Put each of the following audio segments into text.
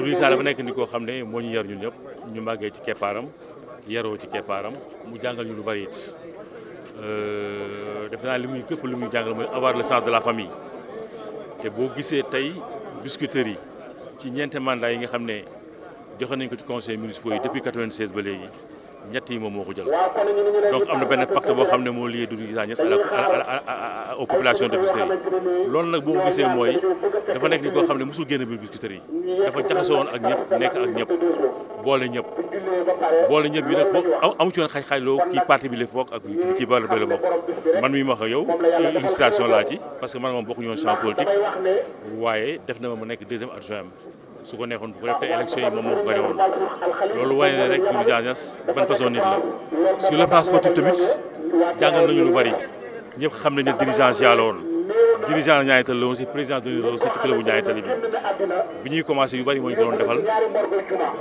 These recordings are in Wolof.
Doudou Issa dafa nekk ni koo xam ne moo ñu yar ñun ñëpp ñu màggee ci keppaaram yaroo ci keppaaram mu jàngal ñu lu bari it defe naa li muy képp li muy jàngal mooy avoir le sens de la famille te boo gisee tey biscuiterie yi ci ñeenti mandat yi nga xam ne joxe nañ ko ci conseil municipal yi depuis 96 ba léegi ñett yi moom moo ko jël donc am na benn pacte boo xam ne moo lié Doudou Issa Niass à la aux populations de Biscuiterie yi loolu nag boo ko gisee mooy dafa nekk ni koo xam ne mosul génn biir Biscuiterie yi dafa jaxasoo woon ak ñëpp nekk ak ñëpp boole ñëpp boole ñëpp bi nag boo amu ci woon xaj-xajloo kii parti bi la bokk ak kii ba la bokk man mi ma wax ak yow illustration laa ci parce que man moom bokkuñu woon champ politique waaye def na ma ma nekk deuxième adjoint su ko neexoon bu ko def te élection yi moom moo ko gagné woon loolu waaye ne rek Doudou ban façon nit la sur le plan sportif tamit nañu lu bari ñëpp xam ne dirigeant Dia la woon dirigeant Niary Tally si président de la aussi ci club bi bi ñuy commencé yu bari moo ñu ko doon defal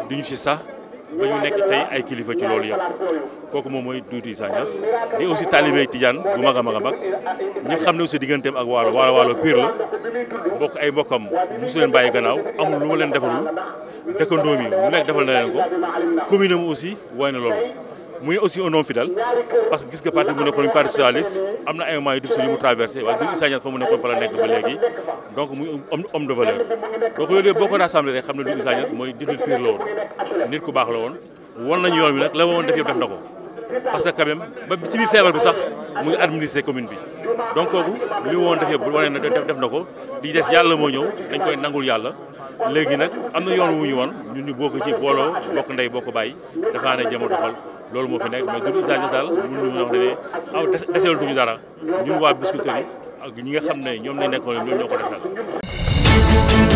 duñu si sax ba ñu nekk tey ay kilifa ci loolu ko kooku moom mooy Doudou Issa Niass di aussi taalibe Tidiane bu mag a mag a mag ñëpp xam ne aussi digganteem ak waalo waalo waalo piir la bokk ay mbokkam su leen bàyyi gannaaw amul lu ma leen defalul dëkkandoo yi mu nekk defal na leen ko commune am aussi woy na loolu muy aussi un homme fidèle parce que gis nga parti bu nekkoon ñu parti socialiste am na ay moments yu difficile yu mu traversé waaye du Issa fa mu nekkoon fa la nekk ba léegi donc muy homme de valeur donc loolu yëpp boo ko rassemblé rek xam ne du Issa Niass mooy nit pire la woon nit ku baax la woon won nañu yoon bi nag la woon def yëpp def na ko parce que quand même ba ci bi sax muy administrer commune bi donc kooku li woon def yëpp wane na def na ko di des yàlla moo ñëw dañ koy nangul yàlla léegi nag am na yoon wu ñu woon ñun ñu bokk ci booloo bokk ndey bokk bàyyi dafaa ne jëm a doxal loolu moo fi nekk mais du usage daal mun ñu wax ne aw deseelatuñu dara ñun waa Biscuiterie yi ak ñi nga xam ne ñoom lañ nekkoon ñoom ñoo ko desal